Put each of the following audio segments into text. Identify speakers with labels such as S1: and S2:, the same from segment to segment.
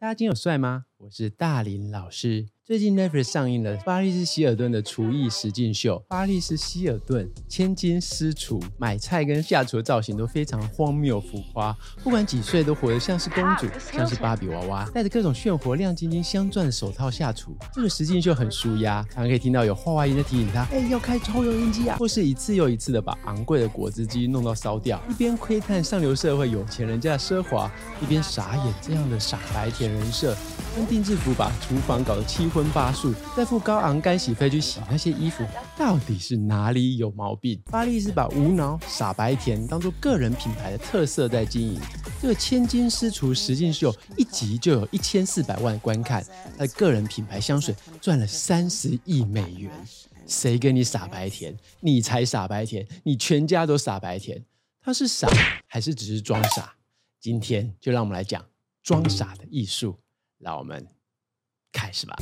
S1: 大家今天有帥嗎？我是大林老師。最近 Netflix 上映了巴《芭莉絲希爾頓的廚藝實境秀》。芭莉絲希爾頓，千金私廚，買菜跟下廚的造型都非常荒謬浮誇，不管幾歲都活得像是公主，像是芭比娃娃，戴着各種炫活、亮晶晶鑲鑽的手套下廚。這個實境秀很紓壓，常常可以聽到有畫外音在提醒他：“哎、欸，要開抽油煙機啊！”或是一次又一次的把昂貴的果汁機弄到燒掉。一邊窺探上流社會有錢人家的奢華，一邊傻眼。這樣的傻白甜人設。定製服把廚房搞得七葷八素，再付高昂乾洗費去洗那些衣服，到底是哪裡有毛病？芭莉絲把無腦傻白甜當做個人品牌的特色在經營。這個千金私廚實境秀一集就有一千四百萬觀看，他的個人品牌香水賺了三十億美元。誰跟你傻白甜？你才傻白甜，你全家都傻白甜。他是傻，還是只是裝傻？今天就讓我們來講裝傻的藝術。讓我們開始吧。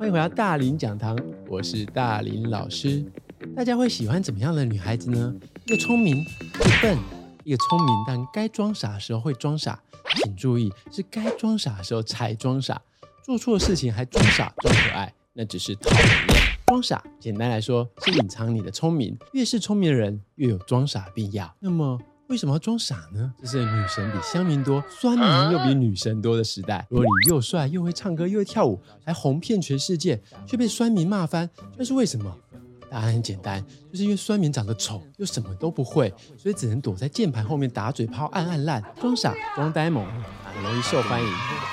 S1: 歡迎回到大林講堂，我是大林老師。大家會喜歡怎麼樣的女孩子呢？一個聰明，一個笨，一個聰明但該裝傻的時候會裝傻。請注意，是該裝傻的時候才裝傻，做錯事情還裝傻裝可愛，那只是逃避。裝傻，簡單來說是隱藏你的聰明。越是聰明的人，越有裝傻的必要。那麼，為什麼要裝傻呢？這是女神比鄉民多，酸民又比女神多的時代。如果你又帥又會唱歌又會跳舞，還紅遍全世界，卻被酸民罵翻，這是為什麼？答案很簡單，就是因為酸民長得醜，又什麼都不會，所以只能躲在鍵盤後面打嘴炮，暗暗爛，裝傻裝呆萌，很容易受歡迎，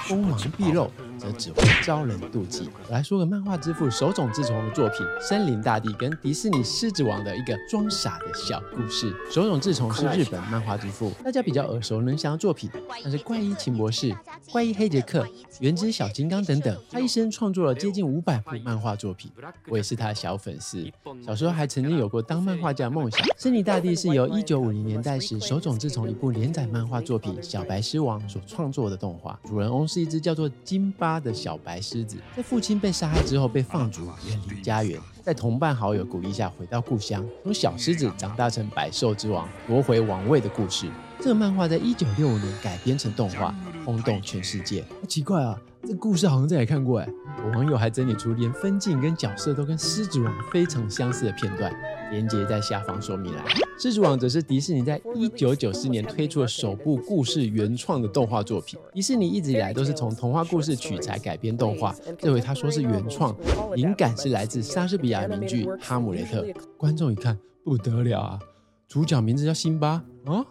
S1: 鋒芒畢露。則只會招人妒忌。我來說個漫畫之父手塚治蟲的作品《森林大帝》跟迪士尼《獅子王》的一個裝傻的小故事。手塚治蟲是日本漫畫之父，大家比較耳熟能詳的作品，像是《怪醫秦博士》、《怪醫黑傑克》、《原子小金剛》等等。他一生創作了接近五百部漫畫作品，我也是他的小粉絲。小時候還曾經有過當漫畫家的夢想。《森林大帝》是由一九五零年代時手塚治蟲一部連載漫畫作品《小白獅王》所創作的動畫，主人公是一隻叫做金巴，他的小白獅子在父親被殺害之後被放逐，遠離家園，在同伴好友鼓勵下回到故鄉，從小獅子長大成百獸之王，奪回王位的故事。這個漫畫在一九六五年改編成動畫，轟動全世界。啊，好奇怪啊！這故事好像在哪看過哎！有網友還整理出連分鏡跟角色都跟《獅子王》非常相似的片段，連結在下方說明來。《獅子王》則是迪士尼在一九九四年推出的首部故事原創的動畫作品。迪士尼一直以來都是從童話故事取材改編動畫，這回他說是原創，靈感是來自莎士比亞名劇《哈姆雷特》。觀眾一看不得了啊！主角名字叫辛巴，啊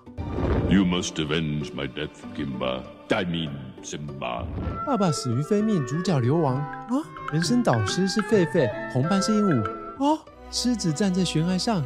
S1: You must avenge my death, Kimba, I mean Simba。爸爸死於非命，主角流亡啊，人生導師是狒狒，同伴是鸚鵡啊，獅子站在懸崖上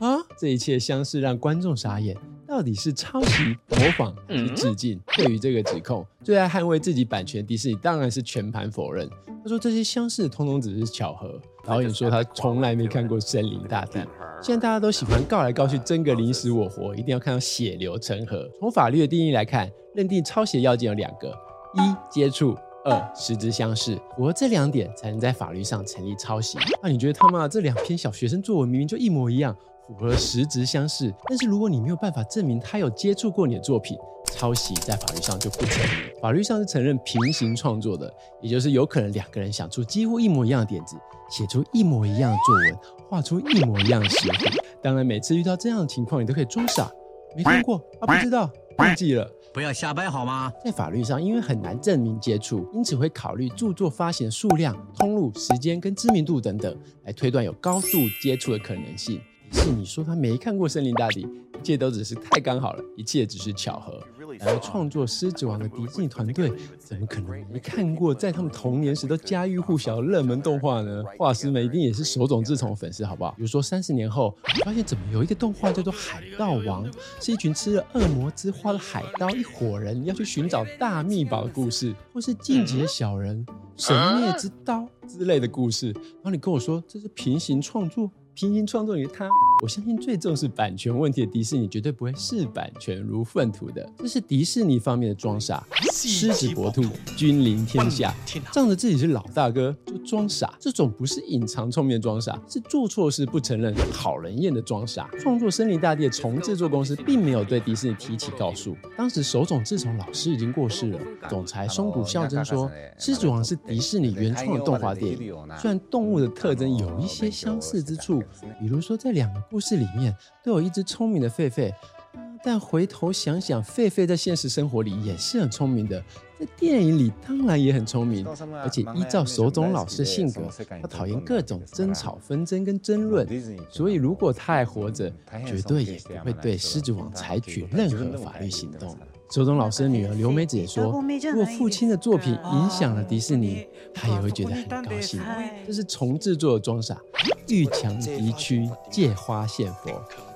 S1: 啊，這一切相似讓觀眾傻眼。到底是抄襲、模仿還是致敬？嗯、對於這個指控，最愛捍衛自己版權的迪士尼當然是全盤否認。他說，這些相似，通通只是巧合。導演說，他從來沒看過《森林大帝》，現在大家都喜歡告來告去，爭個你死我活，一定要看到血流成河。從法律的定義來看，認定抄襲要件有兩個：一接觸，二實質相似。符合這兩點，才能在法律上成立抄襲。那你覺得他媽這兩篇小學生作文，明明就一模一樣？符合實質相似，但是如果你沒有辦法證明他有接觸過你的作品，抄襲在法律上就不成立。法律上是承認平行創作的，也就是有可能兩個人想出幾乎一模一樣的點子，寫出一模一樣的作文，畫出一模一樣的習作。當然，每次遇到這樣的情況，你都可以裝傻，沒聽過啊，不知道，忘、哎、記了，不要瞎掰好嗎？在法律上，因為很難證明接觸，因此會考慮著作發行數量、通路、時間跟知名度等等，來推斷有高度接觸的可能性。是你說他沒看過《森林大帝》，一切都只是太剛好了，一切只是巧合。然後創作《獅子王》的迪士尼團隊怎麼可能沒看過？在他們童年時都家喻戶曉的熱門動畫呢？畫師們一定也是手塚治蟲的粉絲，好不好？比如說三十年後，發現怎麼有一個動畫叫做《海盜王》，是一群吃了惡魔之花的海盜一夥人要去尋找大秘寶的故事，或是《進階小人》《神滅之刀》之類的故事，然後你跟我說這是平行創作。平行創作於他。我相信最重視版權問題的迪士尼絕對不會視版權如糞土的，這是迪士尼方面的裝傻，獅子搏兔，君臨天下，仗着自己是老大哥就裝傻，這種不是隱藏聰明裝傻，是做錯事不承認、討人厭的裝傻。創作《森林大帝》的蟲制作公司並沒有對迪士尼提起告訴。當時手冢治蟲老師已經過世了，總裁松谷孝真說，《獅子王》是迪士尼原創的動畫電影，雖然動物的特徵有一些相似之處，比如說在兩。故事裡面都有一隻聰明的狒狒，呃，但回頭想想，狒狒在現實生活裡也是很聰明的，在電影裡當然也很聰明。而且依照手冢老師性格，他討厭各種爭吵、紛爭跟爭論，所以如果他還活着，絕對也不會對獅子王採取任何法律行動。手冢老師的女兒劉美子也說：“如果父親的作品影響了迪士尼，他也會覺得很高興。”這是重製作的裝傻，欲強敵屈，借花獻佛。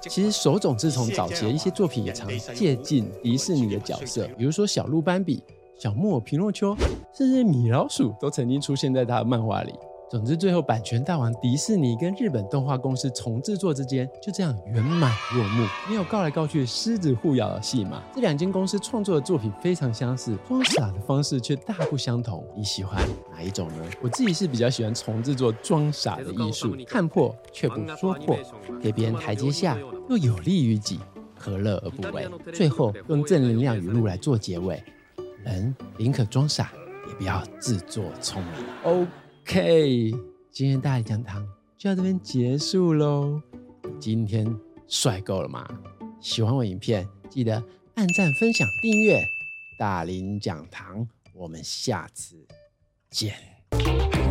S1: 其實手冢治蟲早期的一些作品也常借鑑迪士尼的角色，比如說小鹿斑比、小木偶皮諾丘，甚至米老鼠都曾經出現在他的漫畫裡。總之，最後版權大王迪士尼跟日本動畫公司重製作之間就這樣圓滿落幕，沒有告來告去、獅子互咬的戲碼。這兩間公司創作的作品非常相似，裝傻的方式卻大不相同。你喜歡哪一種呢？我自己是比較喜歡重製作裝傻的藝術，看破卻不說破，給別人台階下，又有利於己，何樂而不為？最後用正能量語錄來做結尾：人，寧可裝傻，也不要自作聰明。O。OK，今天大林講堂就到這邊結束嘍。今天帥夠了嗎？喜歡我的影片，記得按讚、分享、訂閱大林講堂。我們下次見。